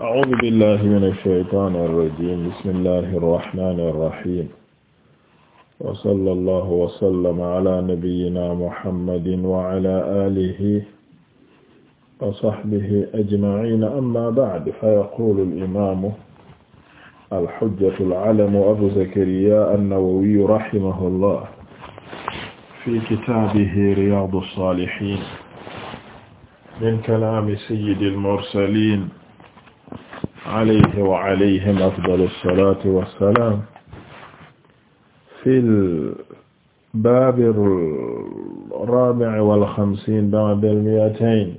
أعوذ بالله من الشيطان الرجيم بسم الله الرحمن الرحيم وصلى الله وسلم على نبينا محمد وعلى آله وصحبه أجمعين أما بعد فيقول الإمام الحجة العلم أبو زكريا النووي رحمه الله في كتابه رياض الصالحين من كلام سيد المرسلين alayhi wa alayhim afdalu salaati wa salaam fil baabil raabi'i wal xamsiin ba'dal mi'atayn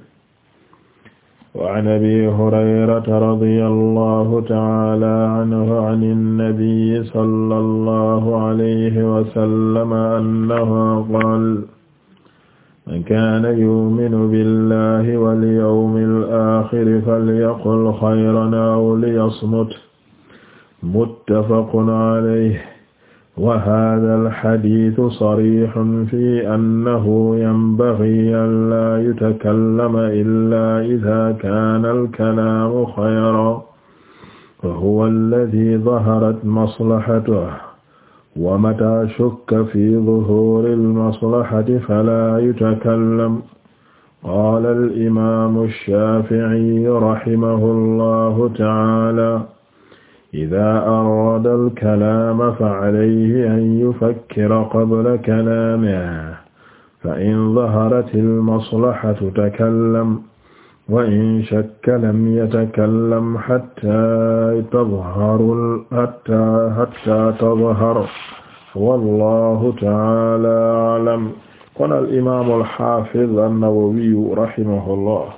wa an abi hurayrata radiyallahu ta'aala anhu anin nabiyyi sallallahu alayhi wa sallam annahu qaala man kaana yuminu billahi wal yawmil aaxiri falyaqul xayran aw liyasmut muttafaqun alayhi wa haadhal hadiisu sariihun fii annahu yanbaghii an laa yutakallama illaa idhaa kaana al-kalaamu xayran wa huwa alladhii dhaharat maslahatuhu wa mata shukka fi zuhuri almaslahati fala yutakallam qaala alimamu alshafiiy rahimahu allahu taala ida arada alkalaama facalayhi an yufakkira qabla kalaamihi fa in daharat almaslahatu takallam wa in shakka lam yatakallam hatta tadhharu hatta hatta tadhhar wallahu ta'ala a'lam kon al imaam al haafiz an-Nawawi rahimahullah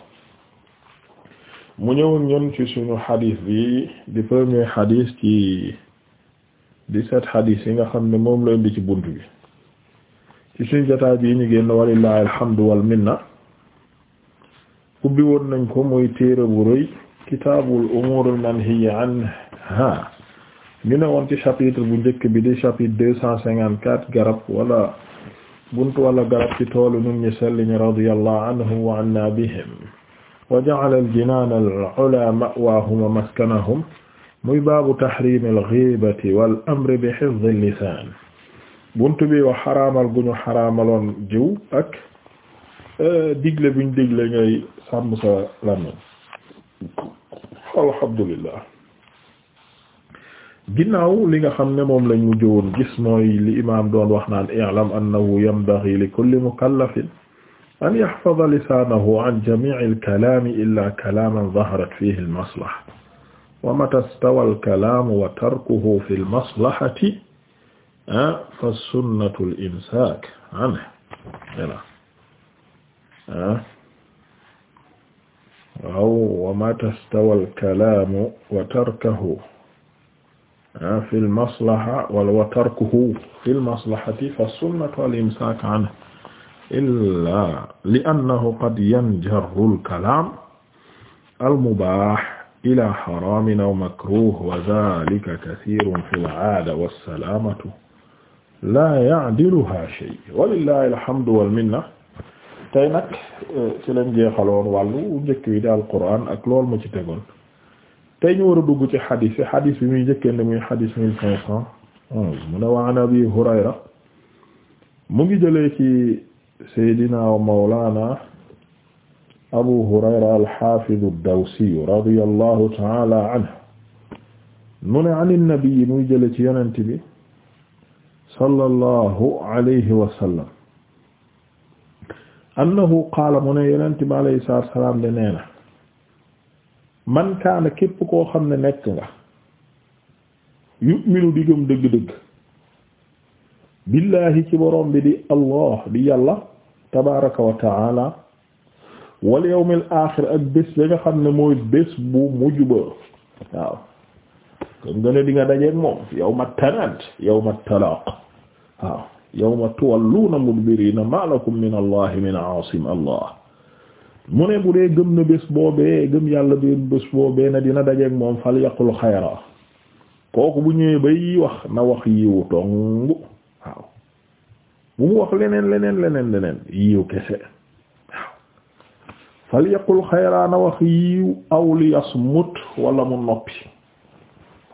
mu ñëw ñun ci suñu xadis bi di premier xadis ci dix-sept xadis yi nga xam ne moom la indi ci buntu bi ci suñu jotaay bi ñu génn alhamdu wal minna ubbi woon nañ ko muy téere bu rëy kitaabul umuuril manhiyyi anhaa ñu ne woon ci chapitre bu njëkk bi di chapitre deux cent cinquante quatre garab wala buntu wala garab ci toolu nun ñi sell ñi radiyallahu anhum wa anna bihim wa al-jinaana al-'ulaa ma'waahum wa maskanahum muy baabu tahriimil ghiibati wal amri bi hifdhi lisaan buntu bi wax xaraamal gu ñu xaraamaloon jiw ak eh, digle buñ digle ngay sàmm sa làmmiñ alhamdulillah ginnaaw li nga xam ne moom lañ mujj woon gis mooy li imaam doon wax naan i'lam annahu yanbaghi li kulli mukallafin an yahfaza lisaanahu an jamii'i al-kalaami illaa kalaaman zaharat fiihi al-maslaha wa mataa istawa al-kalaamu wa tarkuhu fi al-maslahati fa sunnatu al-imsaak anhu waaw wa mata stawa alkalaamu wa tarkahu ah, fi lmaslaha wala wa tarkuhu fi lmaslahati fa sunnatu alimsaak anhu illaa li annahu qad yanjaru alkalaam almubaax ilaa xaraamin aw makruuh wa zaalika kasiirun fi laada wassalaamatu laa yacdiluhaa shay walillaahi alhamdu walminna tey nag euh, ci lañ jeexaloon wàllu njëkk wi di alquran ak loolu ma ci tegoon tey ñu war a dugg ci xadis yi xadis bi mu njëkkee ne muy xadis mille cinq cent onze mu ne waan abi hurayra mu ngi jëlee ci saydina wa mawlana abu hurayra alxafidu ad-dawsi radiyallahu taala anhu mu ne an nabi muy jëlee ci yonent bi sallallahu alayhi wa sallam annahu qaala mu ne yonent bi alayhi salaatu salaam de nee na man kaana képp koo xam ne nekk nga yu'minu di dëgg-dëgg billaahi ci borom bi di allah di yàlla tabaaraka wa wal yawmil aaxir ak bés ba nga xam ne mooy bés bu mujj ba waaw kon nga ne di dajeek moom yawma tanaad yawma talaaq waaw yawma tuwalluuna mudbiriina maa lakum min allahi min aasim allah mu ne bu dee gëm na bés boobee gëm yàlla bee bés boobee na dina dajeeg moom fal yaqul xayra kooku bu ñëwee bay wax na wax yiwu tong waaw bu mu wax leneen leneen leneen leneen yiw kese waaw fal yaqul na wax yiw aw li yasmut wala mu noppi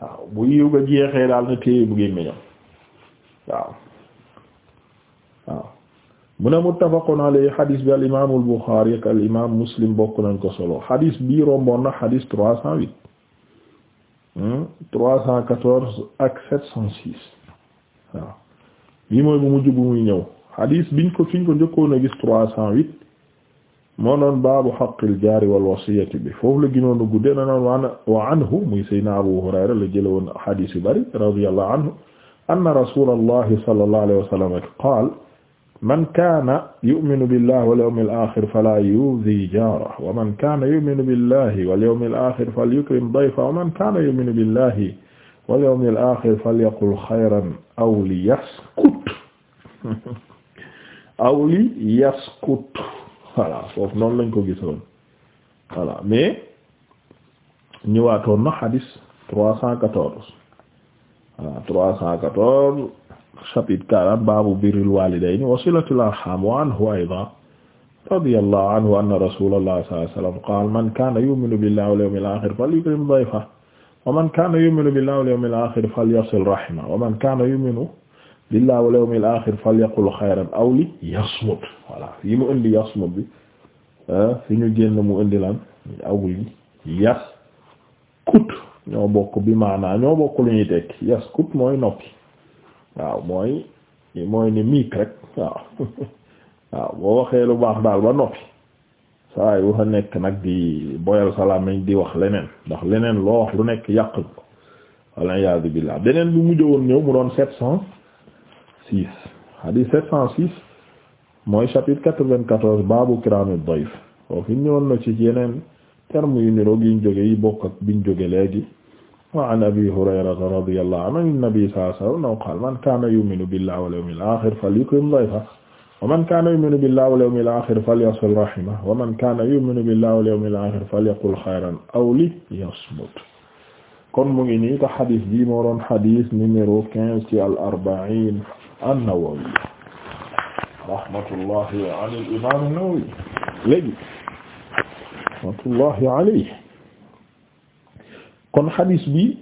waaw bu yiw ga jeexee daal na téye bu gémmiñam waaw mu ne muttafaqun alayhi hadis bi al imaam al Buxaari Muslim bokk nañ ko solo hadis bii romboon na hadis trois cent huit hmm, trois cent quatorze ak cent six waaw mooy bu mujj bu muy ñëw hadis biñ ko fiñ ko njëkkoon a gis trois cent huit moo noon baabu haqqil jaari wal bi foofu la gënoon a guddee na noon wa anhu muy Seydina Abu Hurayra la jële woon hadis yu bari radiyallahu anhu anna rasuulallahi sallallahu alayhi wa sallam qaala man kaana yu'minu billahi wal yawmil aaxir falaa yu'zi jaarahu wa man kaana yu'minu billahi wal yawmil aaxir falyukrim dayfahu wa man kaana yu'minu billahi wal yawmil aaxir falyaqul xayran aw liyaskut aw liyaskut voilà foofu noonu lañ ko gisoon voilà mais ñëwaatoon na hadis 314 voilà 314 chapitre 40 baabu birril waalidayni wa silatil arham wa anhu aydan radiyallahu anhu anna rasulallah sallallahu alayhi wa sallam qaala man kaana yu'minu billahi wal yawmil akhir falyukrim dayfahu wa man kaana yu'minu billahi wal yawmil akhir falyasil rahimahu wa man kaana yu'minu billahi wal yawmil akhir falyaqul khayran aw liyasmut voilà yi mu indi yasmut bi ah, fi ñu génn mu indi lan aw yaskut ñoo bokk bi maanaa ñoo bokk lu ñuy tekk yaskut mooy noppi waaw mooy mooy ni miik rek waaw waaw boo waxee lu baax daal ba noppi saa yu fa nekk nag di boyal salaamañ di wax leneen ndax leneen loo wax lu nekk yàq ko walla iyaazu billaah beneen bi mujj woon ñëw mu doon sept cent six hadith sept cent six mooy chapitre quatre-vingt-quatorze baabu kiraami dayf foofu ñëwoon na ci yeneen terme yu niroog yiñ jóge yi bokk ak bi ñu jóge léegi wa an abi hurayrata radiyallahu anhu an-nabi sallallahu alayhi wa sallam qaala man kaana yu'minu billahi wal yawmil aakhir falyukrim dayfahu wa man kaana yu'minu billahi wal yawmil aakhir falyasil rahimahu wa man kaana yu'minu billahi wal yawmil aakhir falyaqul khayran aw liyasmut kon mu ngi nii ko xadis bi moo doon xadis numéro quinze ci al arba'iin an-Nawawi rahmatullahi ala al imaam an-Nawawi léegi rahmatullahi alayhi kon xadiis bi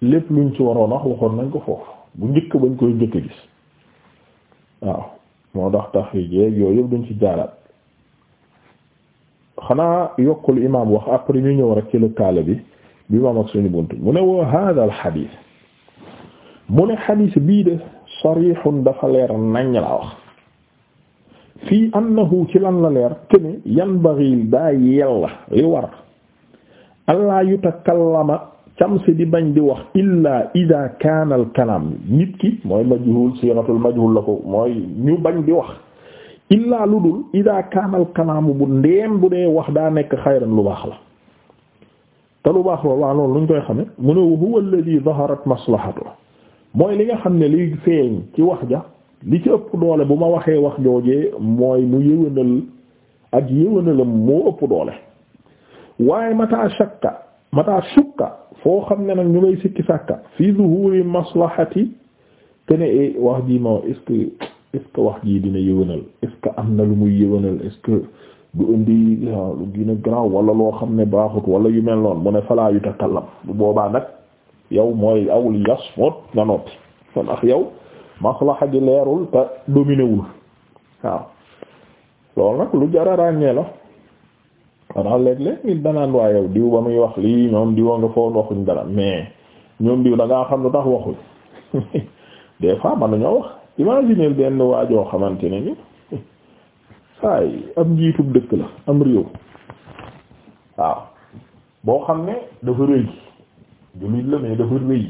lépp luñ ci waroon wax waxoon nañ ko foofu bu njëkk bañ koy njëkk gis waaw moo tax tax yi jeeg yooyu yëpp duñ ci jaaraat xanaa yokkul imaam wax après ñu ñëw rek ci lëkkaale bi bi imaam ak suñu bunt mu ne woo hàddaal xadiis mu ne xadiis bii de sarixun dafa leer nañ laa wax fii annahu ci lan la leer këni yanbaghi daa yella li war allah yutakallama camsi di bañ di wax illa ida kaana al kalam nit ki mooy majhul siratul majhul la ko mooy ñu bañ di wax illaa lu dul ida kaana al kalaamu bu ndeem bu dee wax daa nekk xayran lu baax la te lu baax loolu waa loolu luñ koy xame mu ne la alladhi zaharat maslahatu mooy li nga xam ne liy feeñ ci wax ja li ci ëpp doole bu ma waxee wax joojee mooy mu yëwënal ak yëwënalam moo ëpp doole waaye mata shakka mata shukka foo xam ne nag ñu ngay sikki sàkka fi zuhuri maslahati te ne eh, wax jii ma est wax jii dina yëwénal est am na lu muy yëwénal est-ce que du indi ah, lu gën loo xam ne baaxut wala yu mel noonu mu ne falaa yu boobaa nag yow mooy awul yas foot nga noppi kon ak yow maslaha leerul te dominé waaw loolu nag lu jara ràññee la xanaa léeg-léeg nit danaan waa yow diw ba muy wax lii ñoom diwa nga foon waxuñ dara mais ñoom diw da xam lu tax waxuñ des fois man nañoo wax imaginer benn waajoo xamante ne ni saay am njiitub dëkk la am réew waaw boo xam ne dafa rëy jullit la mais dafa rëy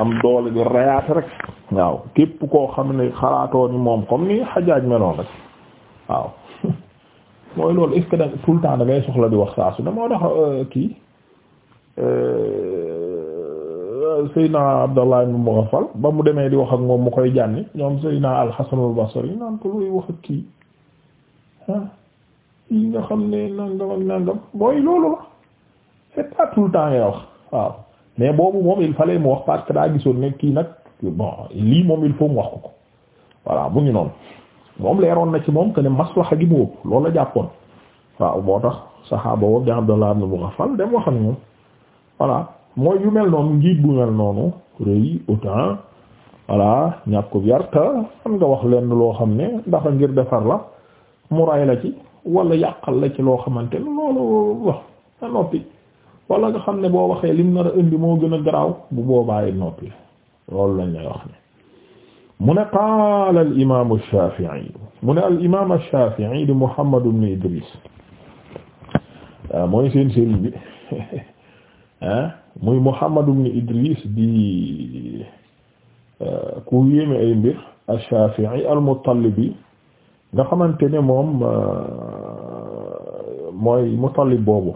am doole di rayaat rek waaw képp koo xam ne xalaatoo ni moom comme ni xajaaj meloon rek waaw mooy loolu est-ce que da tout le da ngay soxla di wax saa su ne moo tax euh, kii euh, Seydina Abdallah ibn Mughaffal ba mu demee di wax ak moom mu koy jànni ñoom Seydina al-Hasan al-Basri naan ko luy wax ak kii ah yi nga xam ne nangam ak nangam mooy loolu la c'est pas le temps ngay wax waaw mais boobu moom il fallait mu wax parce que daa gisoon ne kii nag bon lii moom il faut mu wax ko ko voilà mu ngi noonu. moom leeroon na ci moom que ne maslaxa gi mu ëpp loolu la jàppoon waaw moo tax saxaaba woowu di Abdallah ibn Mughaffal dem wax ak moom voilà mooy yu mel noonu njiit bu mel noonu rëy autant voilà ñàkk ko yar te nga wax lenn loo xam ne ndax ngir defar la mu ray la ci wala yàqal la ci loo xamante ne loolu wax noppi walla nga xam ne boo waxee lim nar a indi moo gën a garaaw bu boobaa yi noppi loolu lañ lay wax ne. mu ne qaala al imaamu mu ne al imaamu Shaafi'i di Muhammad ibn Idris ah, mooy seen sëriñ bi ah muy Idris di ah, ku yéeme ay mbir ash-Shaafi'i al-Muttalibi nga xamante ne moom ah, mooy Mutallib boobu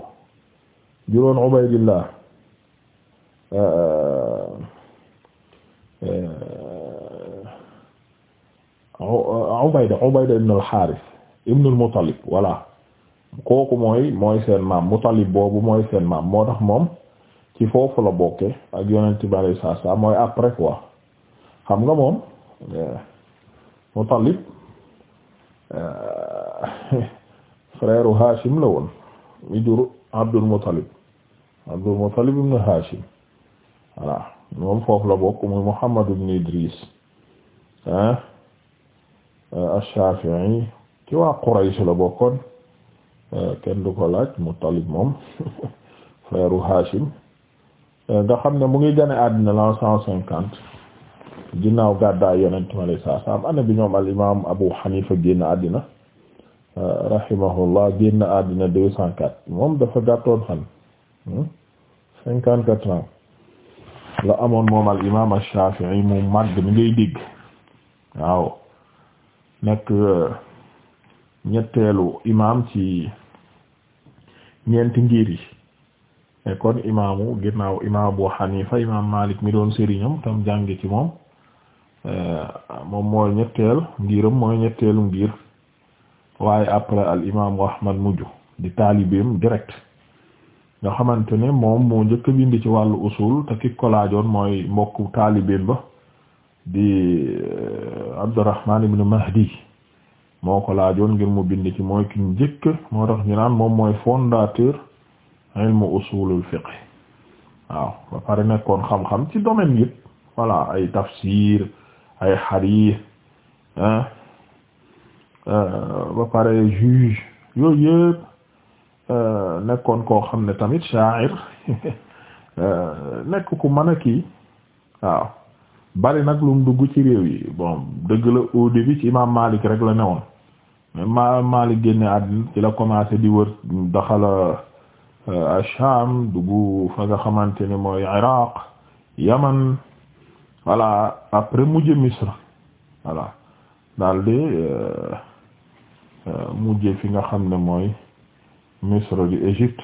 juróon Ubaydillah Ubayda Ubayda ibn al-Harith ibn al-Muttalib voilà kooku mooy mooy seen maam Muttalib boobu mooy seen maam moo tax moom ci foofu la bokke ak yonent bi alayhi salaatu salaam mooy après quoi xam nga moom eh, Muttalib eh, frère u Hashim la woon mi jur Abdul Muttalib Abdul Muttalib ibn Hashim voilà moom foofu la bokk muy Muhammad ibn Idris ah ash-Shafi'i ci waa Quraysh la bokkoon kenn du ko laaj Muttalib moom frère Hashim nga xam ne mu ngi gane àddina la cinquante ginnaaw gàddaay yonent ma lay saa saam ana bi ñoom al imaam Abu Hanifa génn àddina rahimahullah génn àddina deux cent quatre moom dafa gàttoon fan hmm, la amoon moom al imaam ash-Shafi'i mu màgg mi ngay dégg waaw nekk euh, ñetteelu imaam ci ñeenti ngir yi e kon imaamu ginnaaw imaam Abu Hanifa imaam Malik mi doon sëriñam tam jànge ci moom euh, moom mooy ñetteel ngiram mooy ñetteelu ngir waaye après al imaamu Ahmad mujj di taalibeem direct nga xamante moom moo njëkk a bind ci wàllu usul te ki mooy mbokku taalibeem ba di euh, Abdurrahman ibn Mahdi moo ko laajoon ngir mu bind ci mooy ki njëkk moo tax ñu naan moom mooy fondateur ilmu usulul fiqh waaw ba pare nekkoon xam-xam ci domaine yëpp voilà ay tafsir ay hadith ah ba pare juge yooyu yëpp euh, nekkoon koo xam ne tamit sha'ir nekk ku mën kii waaw bari nag lum mu dugg ci réew yi bon dëgg la au début ci imaam Malik rek la newoon mais Malik génne àddina ci la commencé di wër daxala euh, Sham dugg fa nga xamante ne mooy Iraq Yaman voilà après mujj Misra voilà daal di euh, euh, mujj fi nga xam ne mooy Misra di Égypte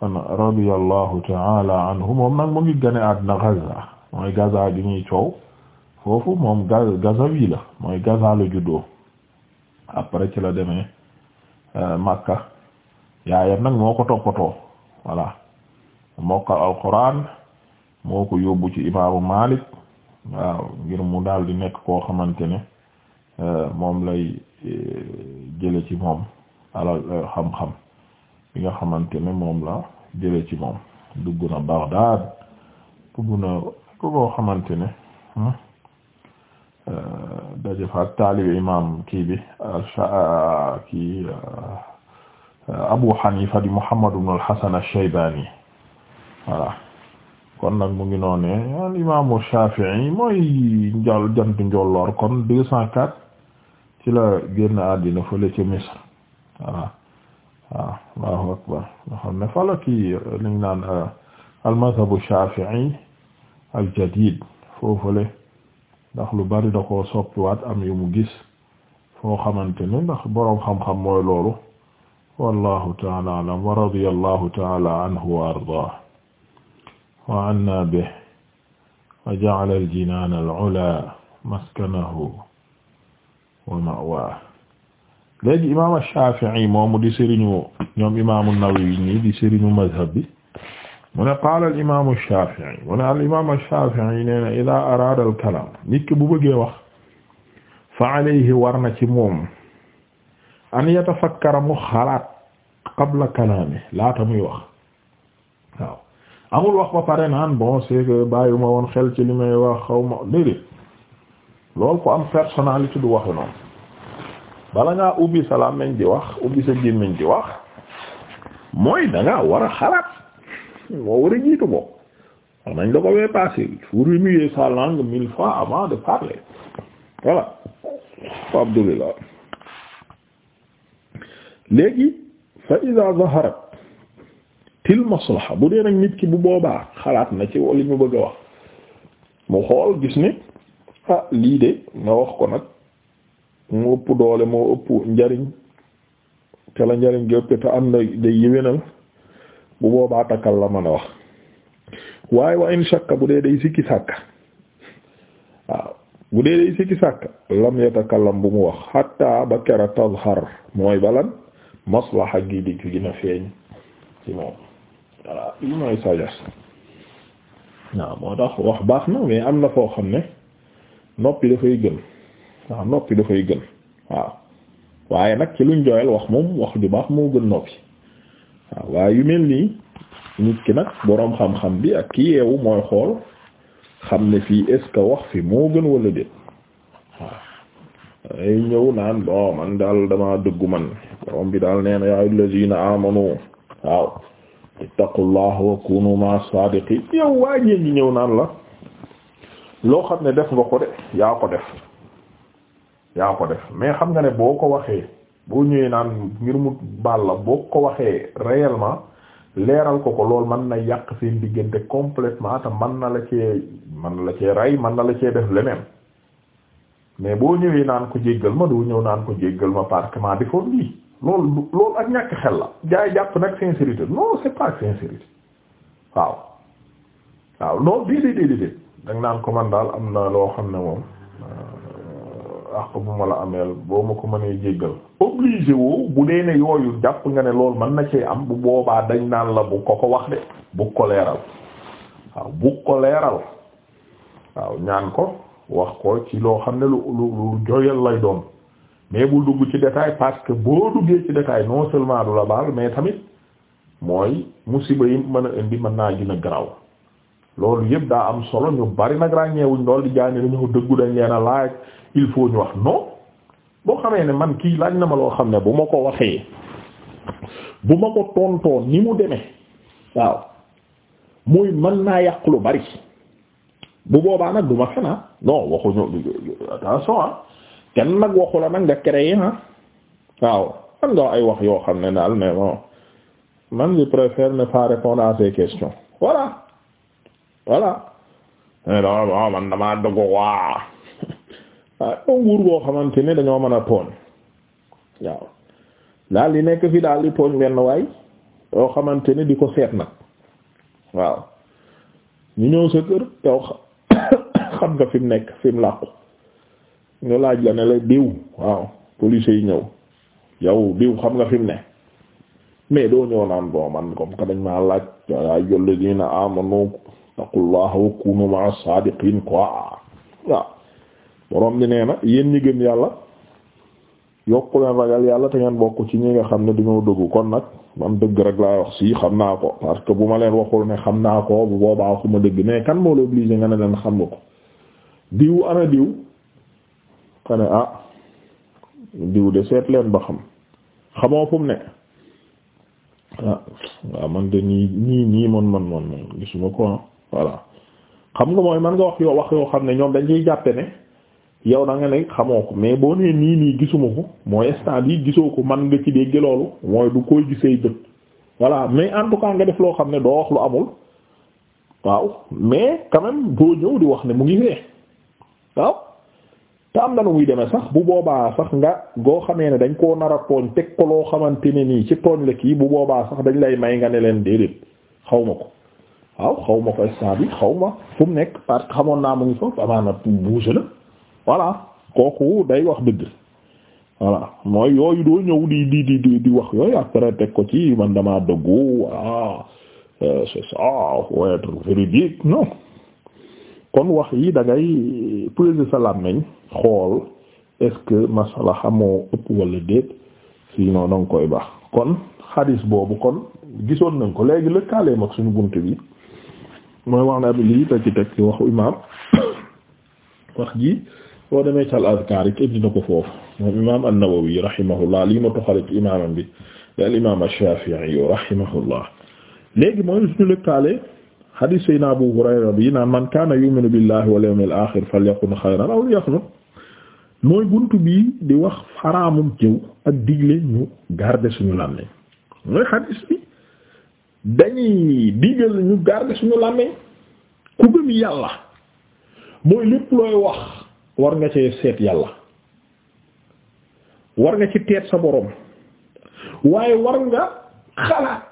kon radiyallahu ta'ala anhu moom nag mu ngi gane àddina Gaza mooy Gaza bi ñuy coow foofu moom Gaza wii la mooy Gaza la juddoo après ci la demee euh, Makka yaayam nag moo ko toppatoo voilà mokkal alquran moo ko yóbbu ci imaamu Malik waaw ngir mu daal di nekk koo xamante ne euh, moom lay euh, jële ci moom alal xam-xam bi nga xamante ne moom la jële ci moom dugg na Baghdad dugg na ku boo xamante ne hmm, euh, daje fa taalibe imam kii bi euh, kii euh, Abu Hanifa di Muhammad ibn al-Hasan ash-Shaybani kon nag mu ngi noonee al imaamu Shafi'i mooy njal jant njolloor kon deux cent quatre ci la génn àddina fële ca Misr voilà waaw akbar nga xam ne fala kii liñ al mazhabu aljadid foofale ndax lu bari da koo soppiwaat am yu mu gis foo xamante ne ndax boroom xam-xam mooy loolu wallahu taala alam wa radiyallahu taala anhu wa ardah wa anna bihi wa ja'ala al-jinana al-ula maskanahu wa ma'waahu léegi imam Shafi'i moomu di sëriñu ñoom imam an-Nawawi ñi di sëriñu mazhab bi mu ne qaala al imaamu Shaafi'i mu ne al imaamu Shaafi'i nee na idaa araada al kalaam nit ki bu bëggee wax fa alayhi war na ci moom an yatafakkara mu xalaat qabla kalaami laata muy wax waaw amul wax ba pare naan bon c'est que bàyyi ma woon xel ci li may wax xaw ma déedéet loolu ko am personnalité du waxe noonu bala ngaa ubbi sa làmmiñ di wax ubbi sa gémmiñ di wax mooy da ngaa war a xalaat. moo war a jiitu moom wax nañ la ko wee passé il faut sa langue mille fois avant de parler voilà Abdullah léegi fa ida zaharat til maslaha bu dee nag nit ki bu boobaa xalaat na ci li ñu bëgg a wax mu xool gis ni ah lii de nga wax ko nag mu ëpp doole moo ëpp njariñ te la njariñ gi ëpp te am na day yéwénal bu boobaa takkal la mën a wax waaye wa in shakka bu dee day sikki sàkka waaw bu dee day sikki sàkka lam yatakallam bu mu wax hatta ba kera tazhar mooy balan maslaha gi di gina feeñ ci moom voilà li mooy sagesse waaw moo tax wax baax na mais am na foo xam ne noppi dafay gën waaw noppi dafay gën waaw waaye nag ci luñ jooyal wax moom wax ju baax moo gën noppi waaw waaye yu mel nii nit ki nag boroom xam-xam bi ak ki yeewu mooy xool xam ne fii est-ce wax fi moo gën wala déet waaw ay ñëw naan bon man daal dama dëggu man boroom bi daal nee na yaa ayyuhallazina amanu waaw ittaqullaha wa kunu ma'as yow waa ñee ñi ñëw naan la loo xam ne def nga ko de yaa ko def yaa ko def mais xam nga ne boo ko waxee boo ñëwee naan ngir mu baal la boo ko waxee réellement leeral ko ko lool man na yàq seen diggante complètement te man na la cee man na la cee rey man na la cee def leneen mais boo ñëwee naan ko jéggal ma doo ñëw naan ko jéggal ma parce que maa defoon lii loolu loolu ak ñàkk xel la jaay jàpp nag sincérité non c'est pas sincérité waaw waaw non déedéet déedéet naan ko man daal am na loo xam ne moom àq bu ma la ameel boo ma ko mënee jéggal obligé woo bu dee ne yooyu jàpp nga ne lool mën na cee am bu boobaa dañ naan la bu ko ko wax de bu ko leeral waaw bu ko leeral waaw ñaan ko wax ko ci loo xam ne lu lu lu joyal lay doon mais bu dugg ci détail parce que boo duggee ci détail non seulement du la baal mais tamit mooy musiba yi mën a indi mën naa gën a garaw loolu yëpp daa am solo ñu bari nag ràññeewuñ loolu di jaay ne dañoo dëggu dañ leen a laaj il faut ñu wax non boo xamee ne man kii laaj na ma loo xam ne bu ma ko waxee bu ma ko tontoon ni mu demee waaw muy mën naa yàq lu bari bu boobaa nag du ma fen ah non waxuñu attention ah kenn nag waxu la nag nga créé ah waaw man nga ay wax yoo xam ne daal mais bon man je préfère ne pas répondre à ces voilà waaw eh, man damaa dogo waa waaw ah, nguur boo xamante ne dañoo mën a tooñ waaw daal di nekk fi daal di tooñ benn waay yoo xamante ne di ko seet nag waaw ñu ñëw sa kër yow xam nga fi mu nekk fi mu làqu ñu laaj la ne la diw waaw police yi ñëw yow diw xam nga fi mu ne mais doo ñëw naan bon man comme que dañ maa laaj waaye jolli dina amanu taqullaha wa ma ma'a saadiqin quoi waaw borom bi nee na yéen ñi gëm yàlla yokku leen ragal yàlla te ngeen bokk ci ñi nga xam ne di dañoo dëggu kon nag man dëgg rek laa wax si xam naa ko parce que bu ma leen waxul ne xam naa ko bu boobaa waxuma dëgg mais kan moo la obligé nga ne leen xam nga ko diw ana diw xane ah diw de seet leen ba xam xamoo fu ne ah waaw man de nii nii man man man man gisuma ko ah. voilà xam nga mooy man nga wax yoo wax yoo xam ne ñoom dañuy ciy jàppe ne yow da nga ne xamoo ko mais boo nee nii nii gisuma ko mooy instant bi gisoo ko man nga ci dégg loolu mooy du koy gisee bët voilà mais en tout nga def loo xam ne doo wax lu amul waaw mais quand boo ñëw di wax ne mu ngi fee waaw te am na nu muy demee sax bu boobaa sax nga goo xamee ne dañ koo nara a tooñ teg ko loo xamante ne nii ci tooñ la kii bu boobaa sax dañ lay may nga ne leen déedéet xaw ma ko waaw xaw ma ko bi xaw ma fu mu nekk parce que xamoon naa mu ngi foofu amaana bougé na voilà kooku day wax dëgg voilà mooy yooyu doo ñëw di di di di wax yooyu après teg ko ci man damaa dëggu voilà euh, c'est ça faut kon wax yi da ngay peser sa làmmiñ xool est-ce que masalaha koy baax kon xadis boobu kon gisoon nañ ko léegi lëkkaaleem ak suñu bunt bi mooy wax na lii te ci teg ci waxu imaam wax ji boo demee ci al azkaar yi indi na ko foofu moom imaam an-Nawawi rahimahullah lii ma toxale ci imaamam bi da al imaam ash-Shaafi'i rahimahullah léegi mooy suñu lëkkaale hadiis Seydina Abu Hurayra bi naan man kaana yu'minu billahi wal yawmil aaxir falyaqul xayran aw liyasmut mooy buntu bi di wax xaraamum jëw ak digle ñu garder suñu làmmiñ mooy hadiis bi dañuy digal ñu garder suñu làmmiñ ku gëm yàlla mooy lépp looy wax war nga ci seet yàlla war nga ci teet sa boroom waaye war nga xalaat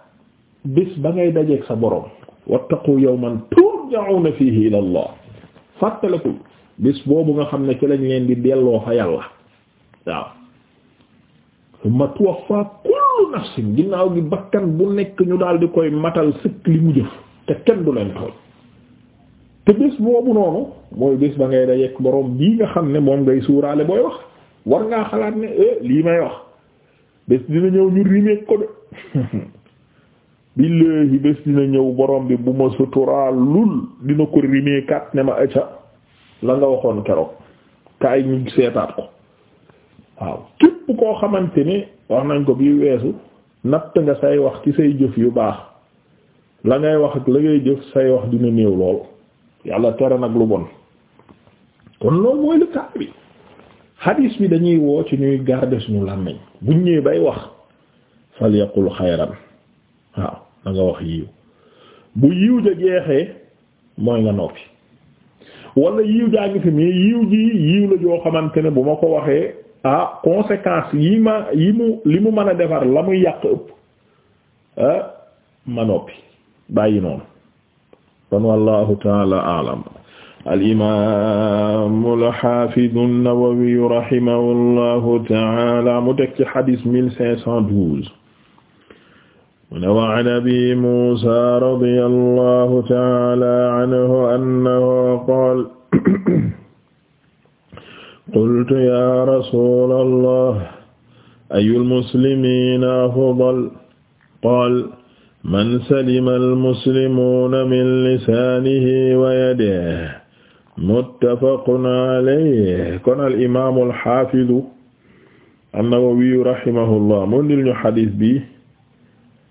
bis ba ngay dajeeg sa boroom yow wattaqu yawman turja'una fihi ila Allah fàttaliku bis boobu nga xam ne ci lañ leen di delloo fa yàlla waaw summa tuwaffa kullu nafsin ginnaaw gi bakkan bu nekk ñu daal di koy matal sëkk li mu jëf te kenn du leen tooñ te bés boobu noonu mooy bés ba ngay da yekk borom bii nga xam ne moom ngay suuraale booy wax war ngaa xalaat ne eh, lii may wax bés dina ñëw ñu rimeeg ko de billaahi bés dina ñëw boroom bi bu ma suturaalul dina ko rimeekat ne ma acca la nga waxoon keroog kaay ñu seetaat ko waaw képp koo xamante ne wax nañ ko bii weesu natt nga say wax ci say jëf yu baax la ngay wax ak la ngay jëf say wax dina néew lool yàlla tere nag lu bon kon loolu mooy lëkkaat bi xadiis bi dañuy woo ci ñuy garder suñu làmmiñ buñ ñëwee bay wax fal yaqul xayran waaw da wax yiw bu yiw ja jeexee mooy nga noppi wala yiw jaa ngi fi mais yiw ji yiw la joo xamante ne bu ma ko waxee ah conséquence yi ma yi mu li mu mën a defar la muy yàq ëpp ah ma noppi bàyyi noonu kon wallahu taala alam al imam al hafiz an-Nawawi rahimahullahu taala mu teg ci hadis mille cinq cent douze mu ne wa an abi Musa radiyallahu taala anhu annahu qaala qultu ya rasul allah ayu lmuslimina afdal qaal man salima almuslimuuna min lisaanihi wa yadihi muttafaqun alayhi kon alimamu alxafidu annawawiyu rahimahullah mu ndil ñu xadis bi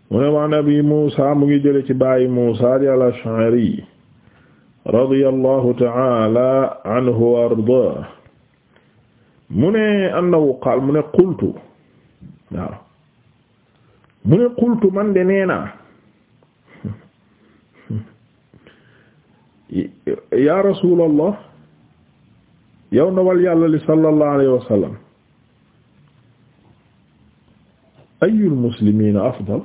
mu ne waan abi muusa mu ngi jële ci bàyyi muusa di al-Ash'ari radiyallahu ta'ala anhu wa ardaahu mu ne annahu qaal mu ne qultu waaw mu ne qultu man de nee naa ya rasulallah ndawal yàlla li sallallahu alayhi wa sallam ayul muslimina afdal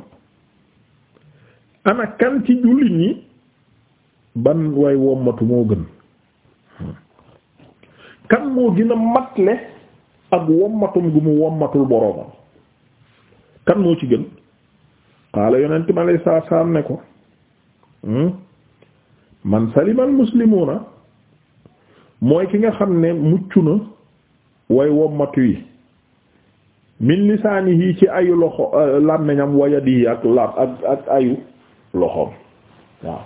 ana kan ci jullit ñi ban way wommatu moo gën kan moo gën a matle ak wommatum gu mu wommatul boroomam kan moo ci gën qaala yonent mi alayhi salaatu salaam ne ko hmm? man salimal muslimuuna mooy ki nga xam ne mucc na way wommatu yi min lisaanihi ci ayu loxo euh, làmmiñam wayadi ak làpp ak ak ayu loxoom waaw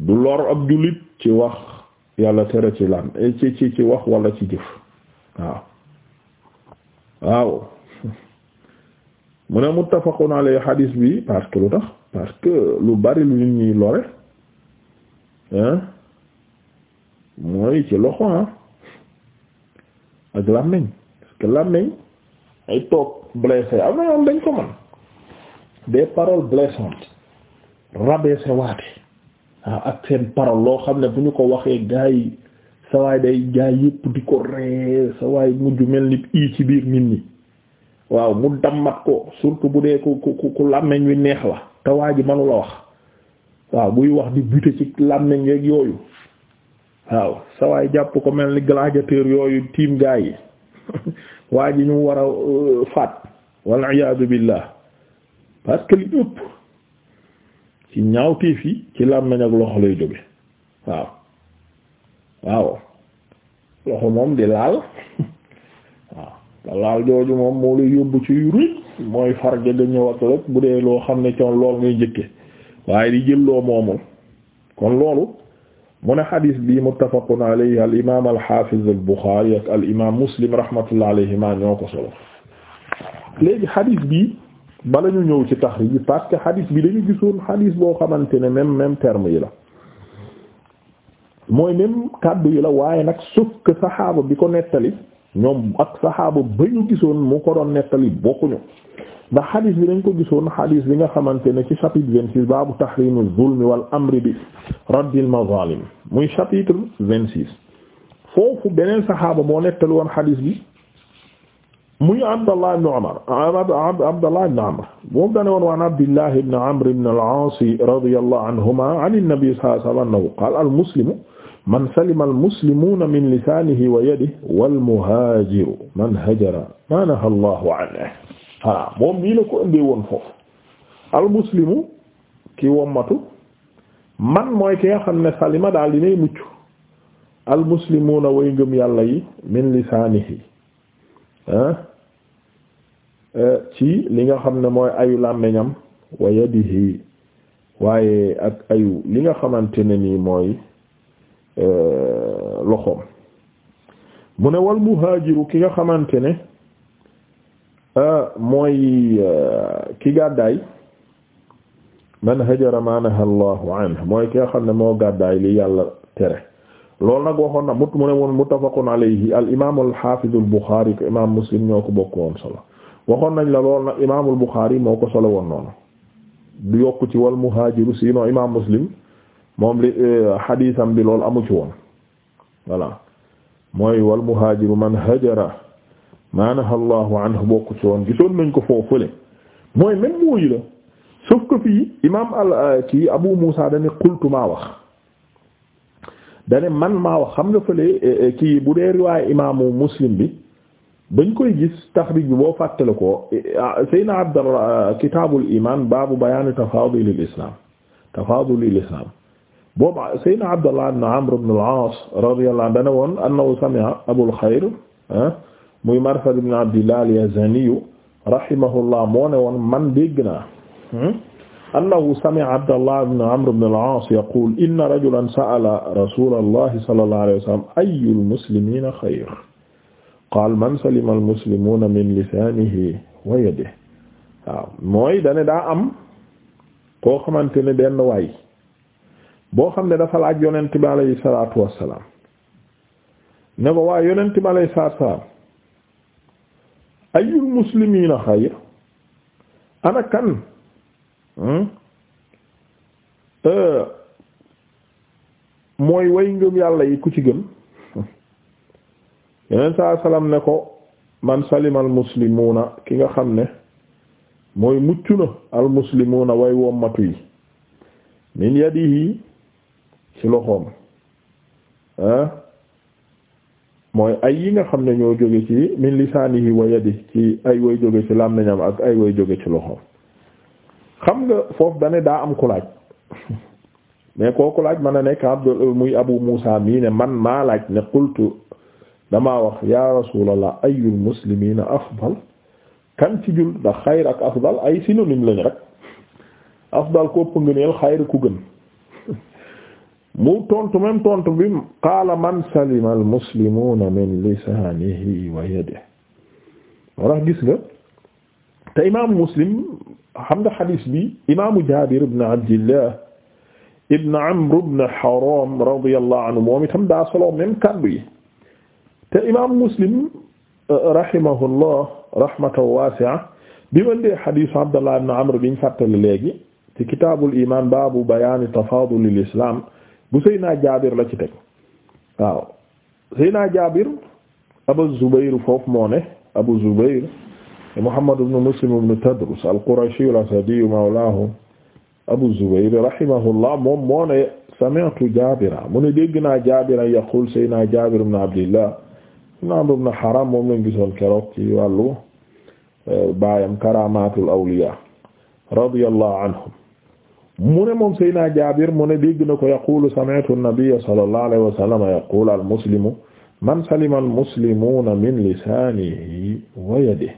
du lor ab jullit ci wax yàlla tere ci lan ci ci wax wala ci jëf waaw waaw mu ne muttafaqun alayhi hadis bi parce que lu tax parce que lu bari lu nit ñi lore hein mooy ci loxo ak làmmiñ parce que làmmiñ ay toog blessé am na yoon dañ ko mën des paroles blessantes rabaisser waate waaw ah, ak seen parole loo xam ne bu ñu ko waxee gaa yi sa waay day jaay yëpp di ko ree sa mujj mel ni ii ci biir nit ñi waaw mu dammat ko surtout bu dee ku ku ku làmmeñ wi neex la te waa ji mënu la wax waaw buy wax di bute ci làmmeñ yeeg yooyu waaw sa jàpp ko mel ni gladiateur yooyu tiim gaa yi waa ji ñu war a euh, faat wal iyaadu billah parce li ëpp ci ñaawteef yi ci làmmeñ ak loxo lay jóge waaw waaw loxo moom di laal waaw laal jooju moom moo lay yóbbu ci ruuj mooy far jëgg ñëw ak lépp bu dee loo xam ne coon lool ngay njëkke waaye di jël loo moomul kon loolu mu ne xadiis bi muttafaqun alayhi al imaam al xaafiz al buxaari ak al imaam muslim rahmatullah alayhima ñoo ko solo léegi xadiis bi bala ñu ñëw ci taxriij bi parce que xadiis bi dañu gisoon xadiis boo xamante ne même même terme yi la mooy même kàddu yi la waaye nag sauf que saxaaba bi ko nettali ñoom ak saxaaba ba ñu gisoon mu ko doon nettali bokkuñu ndax xadiis bi dañ ko gisoon xadiis bi nga xamante ne ci chapitre vingt-six baabu tahrimu zulmi wal amri bi raddil mazalim muy chapitre vingt-six foofu beneen saxaaba moo nettali woon xadiis bi muy Abdallah ibn Umar Abdallah ibn Amr moom dane woon waan Abdallah ibn Amr ibn al-Aas radiyallahu anhuma an an-nabi sallallahu alayhi wa sallam qala al-muslimu man salima almuslimuuna min lisaanihi wa yadihi wal muhaajiru man hajara maa nahaa Allahu anhu voilà moom nii la ko ëndee woon foofu almuslimu ki wommatu man mooy ki nga xam ne salima daal dinay mucc almuslimuuna way ngëm yàlla yi min lisaanihi ah ci li nga xam ne mooy ayu làmmiñam wa waaye ak ayu li nga xamante ne nii mooy. Euh, loxoom mu ne wal muhaajiru ki nga xamante ne euh, mooy euh, ki gàddaay man hajara ma naha allahu mooy ki nga xam ne moo gàddaay li yàlla tere loolu nag waxoon na mut mu ne woon muttafaqun alayhi al imam al hafiz al bukhari ko imam muslim ñoo ko bokk woon solo waxoon nañ la lool nag imam al bukhari moo ko solo woon noonu du yokk ci wal muhaajiru sinon imam muslim moom li eh, xadiisam bi loolu amu ci woon voilà mooy wal muhaajiru man hajara ma naha allahu anhu bokku ci woon gisoon nañ ko foofule mooy même mooyi la sauf que fii imaam al eh, kii abu muusa dane qultu maa wax dane man maa wax xam nga fële eh, kii bu dee riwaay imaamu muslim bi bañ koy gis taxrij bi boo fàttale ko ah, sayna abdallah kitaabul iman baabu bayaani tafaadulil islam tafaadulil islam boobu Seydina Abdallah ibn Amr ibn al-As radiyallahu anhu dana woon annahu sami'a Abul Xayr ah, muy Marsad ibn Abdillah al-Yazani rahimahullah moo ne woon man dégg naa hmm, annahu sami'a Abdallah ibn Amr ibn al-As yaqul inna rajulan sa'ala rasulallahi sallallahu alayhi wa sallam ayyul muslimina xayr qaal man salima al-muslimuna min lisanihi wa yadihi waaw mooy dane daa am koo xamante ne benn waay boo xam ne dafa laaj yonent bi alayhi salaatu wassalaam ne ko waaye yonent bi alayhi salaatu wassalaam ayul muslimiina xayr ana kan hmm? euh, mooy way ngëm yàlla yi ku ci gën yeneen saa salaam ne ko man salimal muslimuuna ki nga xam ne mooy mucc na al muslimuuna way wommatu yi min yadihi ci loxoom ah mooy ay yi nga xam ne ñoo jóge ci min lisaanihi wa ci ay woy jóge ci làmmiñam ak ay way jóge ci loxoom xam nga foofu dane daa am ku laaj mais kooku laaj man a nekk Abdul muy Abu Musa mii ne man maa laaj ne qultu damaa wax ya rasulallah ayul muslimina afdal kan ci jul ndax xayr ak afdal ay synonyme lañ rek afdal ko ëpp ngëneel xayr ku gën mu tontu même tontu bi qaala man salima al muslimuna min lisaanihi wa yadihi warax gis nga te imaamu muslim xam nga xadiis bi imaamu jaabir ibn abdillah ibn amr ibn haram radiyallahu anhu moom itam daa solo même kaddu yi te imaamu muslim euh, rahimahullah rahmatan waasi'a bi ma dee xadiisu abdallah ibn amr biñ fàttali léegi ci kitaabul iimaan baabu bayaani tafaadulil islaam bu Seydina Jaabir la ci teg waaw Seydina Jaabir Abu Zubayr foofu moo ne Abu Zubayr Muhammad ibn Muslim ibn Tadrus al-Qurashi al-Asadi mawlaahu Abu Zubayr rahimahullah moom moo ne sami'tu Jaabira mu ne dégg naa Jaabira yaqul Seydina Jaabir ibn Abdillah ibn Amr ibn Haram moom lañ gisoon keroog ci wàllu eh, baayam Karaamaatul Awliyaa radiyallahu anhum mu ne moom Seydina Jaabir mu ne dégg na ko yaqul sami'tu an-nabiyya sallallahu alayhi wa sallam yaqulu al-muslimu man salima al-muslimuuna min lisaanihi wa yadihi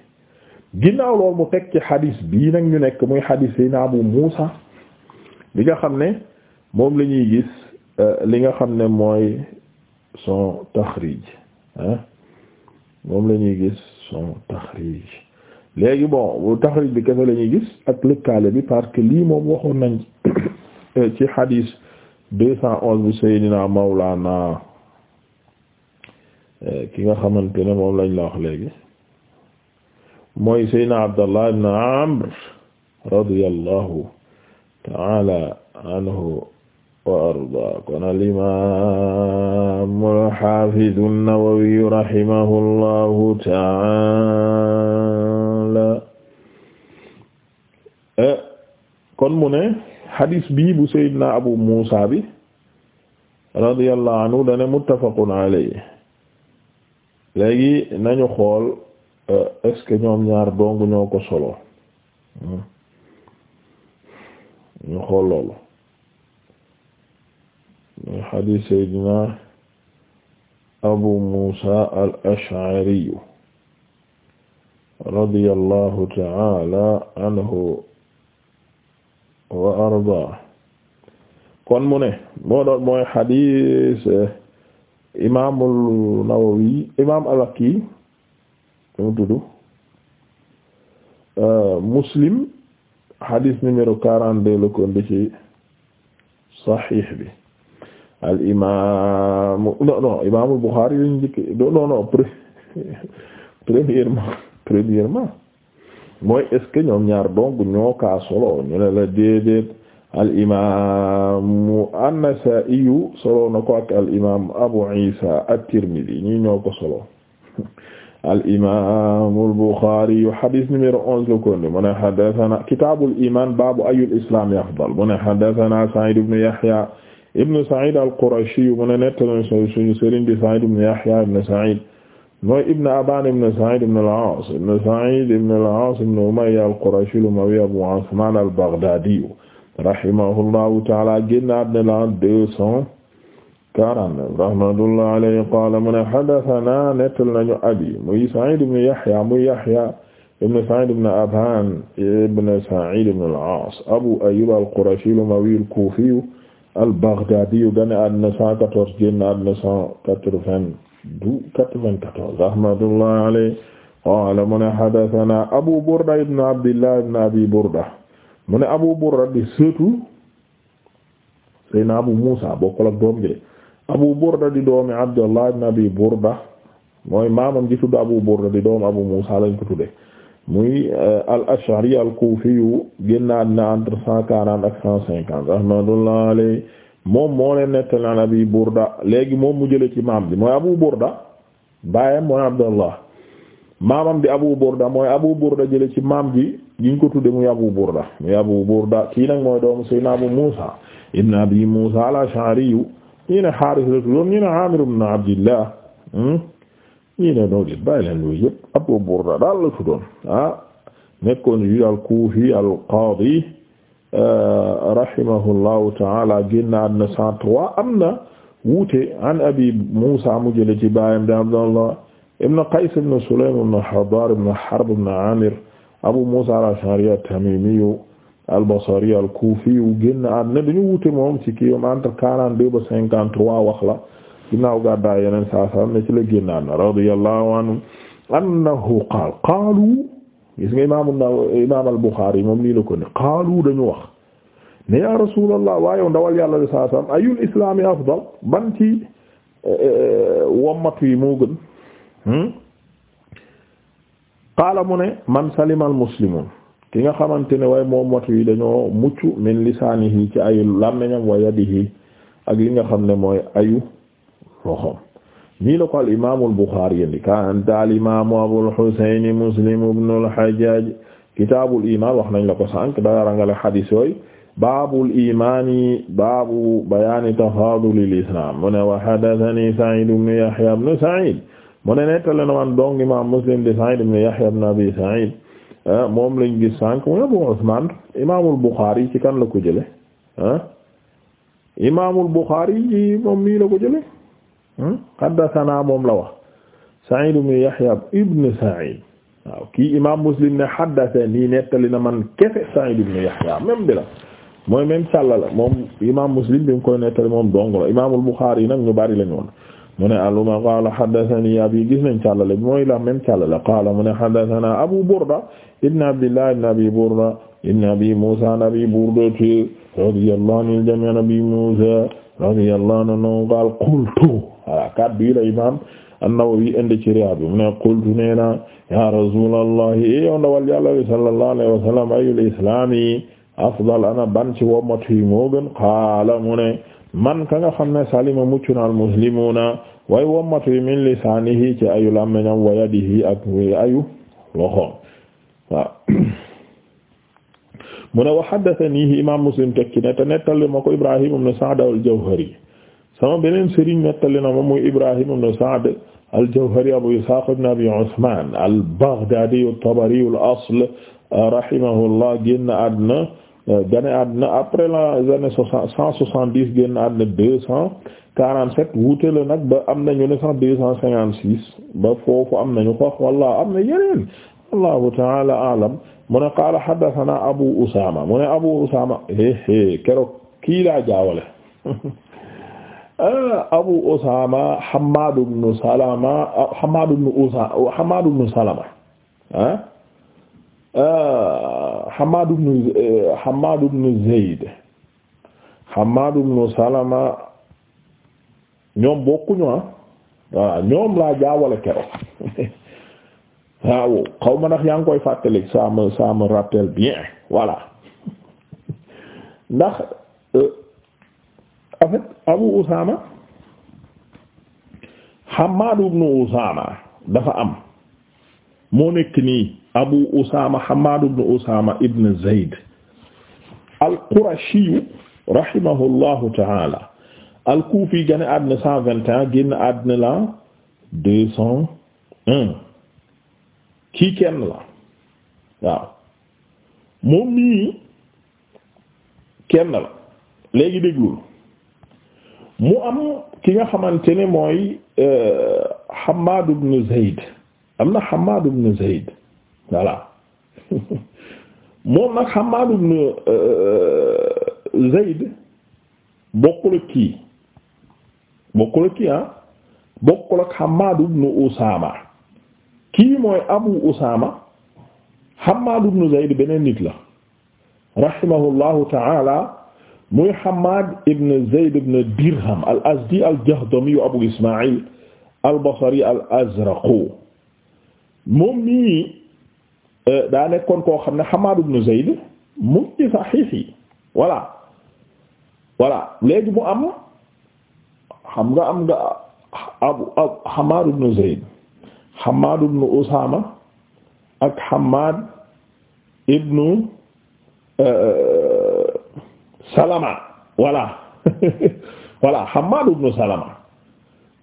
ginnaaw loolu mu teg ci xadis bii nag ñu nekk muy xadis Seydina Abu Muusa li nga xam ne moom la ñuy gis euh, li nga xam ne mooy son taxrij moom la ñuy gis son taxrij léegi bon taxrij bi kese la ñuy gis ak lëkkaale bi parce que lii moom waxoon nañ ci hadis deux cent bu Seydina Mawlana eh, ki nga xamante ne moom lañ la wax léegi mooy Seydina Abdallah ibn Amr radiyallahu ta'ala anhu wa arda kon al-imam al-hafiz an-Nawawi rahimahullahu ta'ala kon mu ne hadis bii bu Seydina Abu Muusa bi radiyallahu anhu dane muttafaqun alayhi léegi nañu xool euh, est-ce que ñoom ñaar dong ñoo ko solo hmm. ñu xool loolu ñu hadis Seydina Abu Muusa al-Ash'ari radiyallahu ta'ala anhu wa arda kon mu ne moo doon mooy xadiis eh, imaamul Nawawi imaam al-Waqi mu tudd eh, Muslim xadiis numéro quarante-deux la ko ci saxiix bi al imaamu non non imaamul Buxaari lañu njëkk non non premièrement premièrement mooy est-ce que ñoom ñaar donc ñoo kaa solo ñu ne la déedéet al imaamu an-Nasaa'i solo na ko ak al imaam Abu Isa at-Tirmidhi ñi ñoo ko solo al imaamu al-Bukhari hadis numéro onze la ko mu ne haddathana kitaabul iimaan baabu ayyul islaam afdal mu ne haddathana Sa'iid ibn Yahya ibn Sa'iid al-Qurashi mu ne nettali suñu sëriñ di Sa'iid ibn Yahya ibn Sa'iid mooy ibn Aban ibn Sa'id ibn al-As ibn Sa'id ibn al-As ibn Umayya al-Qurashi al-Umawi Abu Usman al-Baghdadi rahimahullahu ta'ala génnaat na la deux cent quarante-neuf rahmatullahi alayhi qala mu ne hadathana nettal nañu abi muy Sa'id ibn Yahya muy Yahya ibn Sa'id ibn Aban ibn Sa'id ibn al-As Abu Ayyub al-Qurashi al-Umawi al-Kufi al-Baghdadi génnaat na cent quatorze génnaat na cent quatre-vingts du 94 rahmatullah alayhi mu ne hadathana Abu Burda ibn Abdillah ibn Abi Burda mu ne Abu Burda di sëtu Seydina Abu Musa bokkul ak doom ji Abu Burda di doomi Abdullah ibn Abi Burda mooy maamam ji tudd Abu Burda di doomi Abu Musa lañ ko tudde muy eh, al-Ash'ari al-Kufi génnaat na entre 140 ak 150 rahmatullah alayhi moom moo leen nettali an abi burda léegi moom mu jële ci maam bi mooy abu burda baayam mooy abdallah maamam di abu burda mooy abu burda jële ci maam bi giñ ko tudde muy abu burda muy abu burda kii nag mooy doomu sayna abu musa ibn abi musa al-ash'ari ñi ne xaaris la tuddoon ñi ne amir ibn abdillah hmm ñi ne doo dit bàyyi leen abu burda daal la tuddoon ah nekkoon yu al kufi al Euh, rahimahullahu ta'ala génna adna cent trois am na wuute an abi Musa mu jële ci baayam de Abdallah ibn Qays ibn Sulaym ibn Hadar ibn Harb ibn Amir Abu Musa al-Ash'ari at-Tamimi al-Basri al-Kufi génna adna dañu wuute moom ci kii entre quarante-deux ba cinquante-trois wax la ginnaaw gàddaay yeneen saa saa ne ci la génna adna radiyallahu anhu annahu qaala qaalu gis nga imaam Nawawi imaam al-Bukhari moom nii la ko ne qaalu dañu wax ne ya rasulallah waaye ndawal yàlla sallallahu alayhi wasallam ayul islaami afdal ban ci eh, eh, wommatu yi moo gën hmm? qaala mu ne man salima al ki nga xamante ne waaye moom watu yi dañoo mucc min lisaanihi ci ayu làmmiñam wa yadihi ak li nga xam ne mooy ayu loxoom mi la ko al imaamu al Buxaari yendi kanta al imaamu Muslim ibn al Hajjaj kitaabul iman wax nañ la ko sànq dara nga la xadis yooyu baabul imaani baabu bayaani tafaadulil islam mu ne wa haddathanii Sa'iid Yahya ibn Sa'iid mu ne nettali man dong imaam Muslim di Sa'iid ibn Yahya ibn Abi Sa'iid eh, moom lañ gis sànq mu ne Abu Usmaan imaamul Buxaari ci kan la ko jëlee ah imaamul Buxaari moom mii la Hmm? haddathana moom la wax Sa'id ibn Yahya ibn Sa'id waaw kii imam Muslim ne haddathani nettali na man kefe Sa'id ibn Yahya même bi la mooy même sàlla imam Muslim bi mu koy nettali moom dong la imaamul Bukhari nag ñu bari lañu woon mu ne aluma qaala haddathani abi gis nañ càllale mooy la même càllale qaala mu ne haddathana Abu Burda ibn Abdillah ibn Abi Burda ibn Abi Musa ibn Abi Burda radiyallahu anil jami' Abi Musa radiyallahu anhu qaal qultu voilà kaddu yi la imaam an-Nawawi indi ci Riyaad bi mu ne qultu nee ya rasulallahi yow ndawal Yàlla sallallahu alayhi wa sallam ayyul islaami afdal ana ban ci yi moo gën qaala mu ne man ka nga xam ne salima mucc na al muslimuuna way wommatu yi min lisaanihi ci ayu làmmiñam wa yadihi ak ayu loxoom mu ne wa haddathanihi imam muslim tekki ne te nettali ma ko ibrahim ibn Sa'd al-Jawhari sama beneen sëriñ nettali na ma muy ibrahim ibn Sa'd al-Jawhari abu Ishaq ibn abi Uthman al-Baghdadi at-Tabari al-asl rahimahullah génn àddina génn àddina après les années cent soixante-dix génn àddina deux cent quarante-sept wuute nag ba am nañu ne sax deux cent cinquante-six ba foofu am nañu ko walla am na yeneen wallahu ta'ala a'lam mu ne qaala haddathana Abu Usama mu ne Abu Usama eh, eh keroog kii laa jaawale ah, Abu Usama Hammad ibn Salama Hammad ibn Salama ah, ah Hammad ibn eh, Hammad ibn Zayd Salama ñoom bokkuñu ah waaw ah, ñoom laa jaawale keroog. waaw xaw ma ndax yaa ngi koy fàttali ça me ça me rappelle bien voilà ndax euh, en fait Abu Usama Hammad ibn Usama dafa am moo nekk nii Abu Usama Hammad ibn Usama ibn Zayd al-Qurashi rahimahullahu ta'ala al-Kufi gane àddina cent vingt et un génn àddina la deux cent un kii kenn la waaw moom mii kenn la léegi déglul mu am ki nga xamante ni mooy euh, Hammad ibn Zayd am na Hammad ibn Zayd voilà moom nag Hammad ibn euh, Zayd bokkul ak kii bokkul ak kii ah bokkul ak Hammad ibn Usama kii mooy abu usama hammaad ibnu zayd beneen nit la rahimahullahu taala muy hammaad ibn zayd ibn dirham al azdi al jahdami abu ismail al basri al azraqu moom mii e, daa nekkoon koo xam ne hammaad ibn zayd mu ci saxiix yi voilà voilà léegi mu am xam nga am nga abu abu hammaad ibn zayd Hammaad ibnu Usaama ak Hammaad ibnu euh, Salama voilà voilà Hammaad ibnu Salama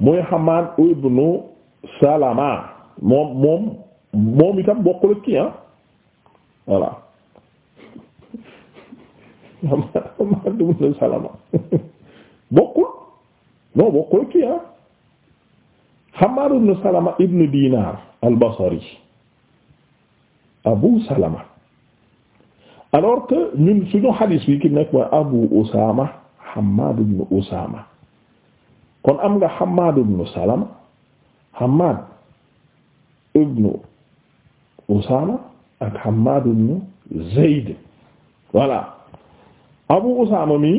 muy Hammaad ibnu Salama moom moom moom itam bokkul ak kii ah voilà Hammaad ibnu Salama bokkul non bokkul ak kii ah. Hammaad ibn Salama ibn Dinar al-Basri Abu Salama alors que ñun suñu xadiis bi ki nekk mooy Abu Usaama Hammaad ibn Usaama kon am nga Hammaad ibn Salama Hammaad ibn Usaama ak Hammaad ibn Zayd voilà Abu Usaama mi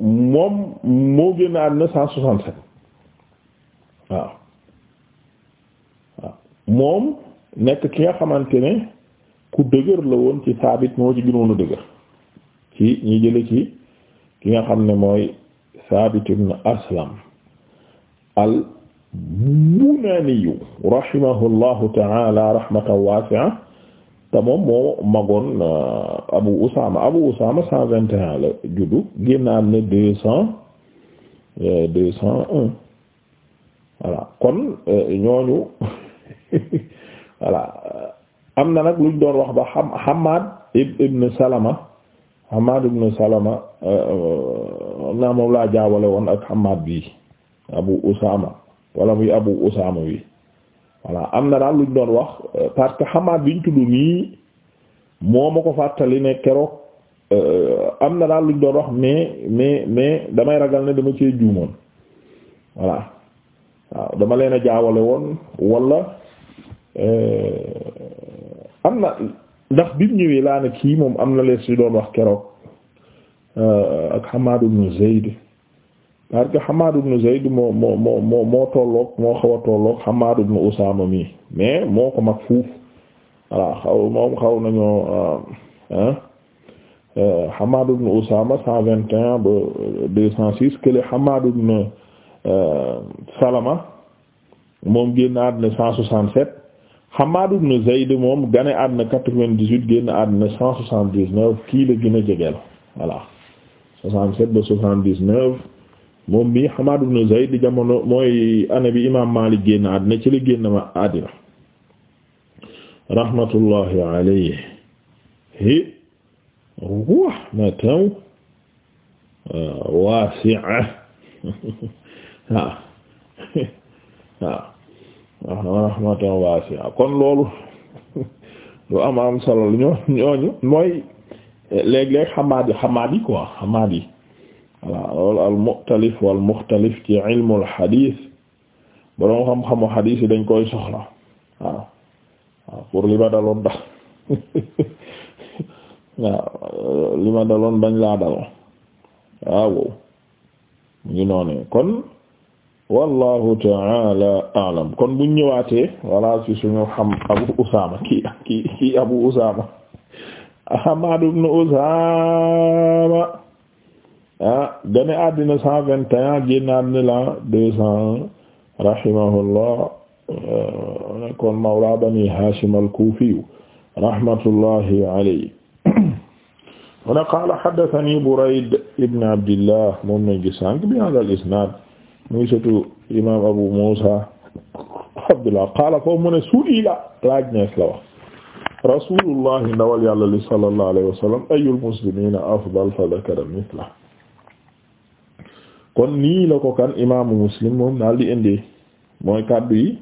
moom moo génn àddina cent soixante-sept waaw moom nekk ki nga xamante ne ku dëgër la woon ci saabit moo ci gënoon a dëgër ci ñi jële ci ki nga xam ne mooy saabit ibn aslam al bunaniyu rahimahullahu taala rahmatan wasi'a te moom moo magoon euh, abu usama abu usama la juddu génnaam ne deux cent euh, deux cent voilà kon euh, ñooñu voilà am na nag luñ doon wax ba xam Hamad ibn Salama Hamad ibn Salama euh, euh, naa moom laa jaawale woon ak Hamad bi Abu Usama wala muy Abu Usama wi voilà am na daal luñ doon wax parce que Hamad biñ tudd nii moo ma ko fàttali ne keroog am na daal luñ doon wax mais mais mais damay ragal ne dama cee juumoon voilà. waaw dama leen a jaawale woon wala eh, am na ndax bi ñëwee laa ne kii moom am na leen si doon wax keroog eh, ak xamaadu ibn Zayd parce que xamaadu ibn Zayd moo moo moo moo moo moo xaw a tolloog Hamad ibn Usaama mi mais moo ko mag fuuf xaw moom xaw nañoo eh, Hamad ibn Usaama cent vingt et un ba deux cent six kële Hamad ibn Euh, Salama moom génn àddina 167 Hammad ibn Zayd moom gane àddina 98 génn àddina 179 kii la gën a jegeel voilà 67 ba 79 moom mi Hammad ibn Zayd jamono mooy année imaam Maalik génn àddina ci la génn ma àddina rahmatullahi alayhi rahmatan euh, waasi'a waaw waaw rahmatan wasi'a kon loolu lu am am solo ñoo ñooñu mooy léeg-léeg xamaad yi xamaad yi quoi xamaad yi voilà loolu al mu'talif wal mukhtalif ci dañ koy soxla waaw waaw pour li ma daloon waaw mu ngi noonee kon wallahu taala alam kon buñ ñëwaatee voilà ci suñu xam abu usama ki abu usama hamad ibn usama ah, gane àddina cent vingt et un génn àddina la deux cent rahimahullah nekkoon euh, mawla hashim al-kufi rahmatullahi alayhi wa qala haddathani burayd ibn abdillah moom na gi sànq al-isnad muy surtout imam Abu Musa Abdullah qaala foofu mu ne su'ila laaj nees la wax rasulullah ndawal yàlla li sallallahu alayhi wa sallam ayyul muslimina afdal fa dhakara mithla kon nii la ko kan imaamu muslim moom daal di indi mooy kàddu yi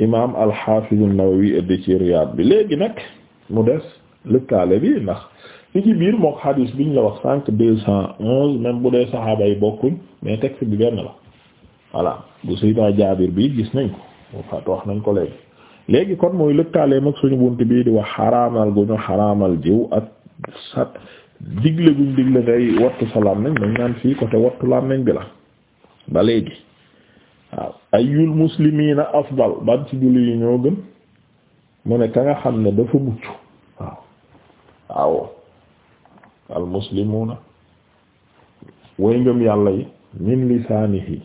imaam al-Hafiz an-Nawawi indi ci Riyad bi léegi nag mu des lëkkaale bi ndax li biir mook hadis biñ la wax cinq deux cent onze même bu dee saxaaba yi bokkuñ mais texte bi benn la voilà bu Seydina Jaabir bi gis nañ ko fat wax nañ ko léegi léegi kon mooy lëkkaaleem ak suñu bunt bii di wax xaraamal gu ñu xaraamal jiw ak sa digle guñ digle ngay wattu sa làmmiñ nañ naan fii côté wattu làmmiñ bi la ba léegi waaw ayul muslimiina afdal ban ci julli yi ñoo gën mu ne ka nga xam ne dafa mucc waaw waaw al muslimuuna way ngëm yàlla yi min lisaanihi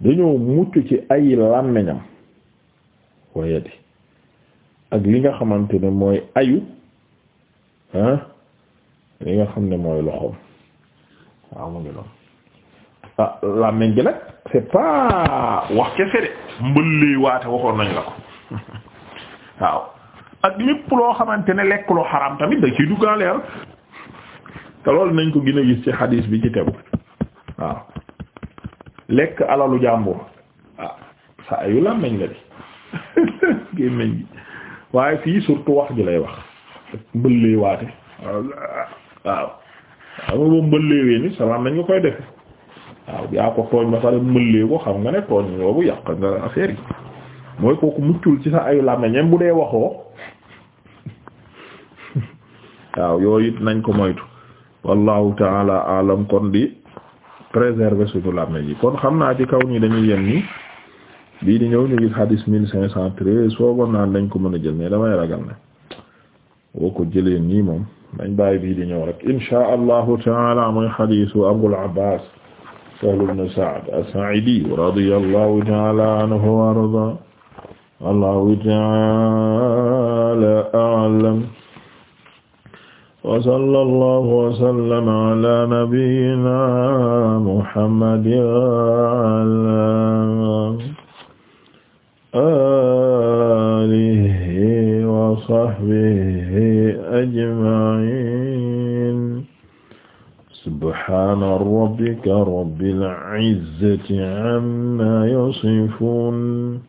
dañoo mucc ci ay làmmiñam wayadi ak li nga xamante ne mooy ayu ah li nga xam ne mooy loxoom waaw mu ngi noonu ah làmmiñ gi nag c'est pas wax kese de mbëllee waate waxoon nañ la ko waaw ak lépp loo xamante ne lekk lu tamit da duggaaleer te loolu nañ ko gën gis ci xadiis bi ci tegu waaw lekk alalu jàmbur ah saa yu làmmeñ la di gémmeñ gi waaye fii surtout wax ji lay wax mbëllee waate waaw waaw xam sa làmmeñ nga koy defe waaw yaa ko tooñ ba pare mbëllee ko xam nga ne tooñ boobu yàq nga affaire yi mooy kooku muccul ci sa ayu làmmeñam bu dee waxoo waaw yooyu nañ ko moytu wallahu taala alam kon di préserver surtout làmmiñ yi kon xam naa ci kaw nii dañuy yem bii di ñëw ñu gis hadis mille cinq cent treize soogoon naan dañ ko mën a jël mais damay ragal ne boo ko jëlee moom dañ bàyyi bii di ñëw rek inshaa allahu taala mooy hadisu abul abbas sahl ibn sa'd as-sa'idi radiyallahu taala taala a'lam wasala allah wasallam ala nabiyina mohammadin ala alihi wa sahbihi ajmain subhana rabbika rabbil izzati amma yasifun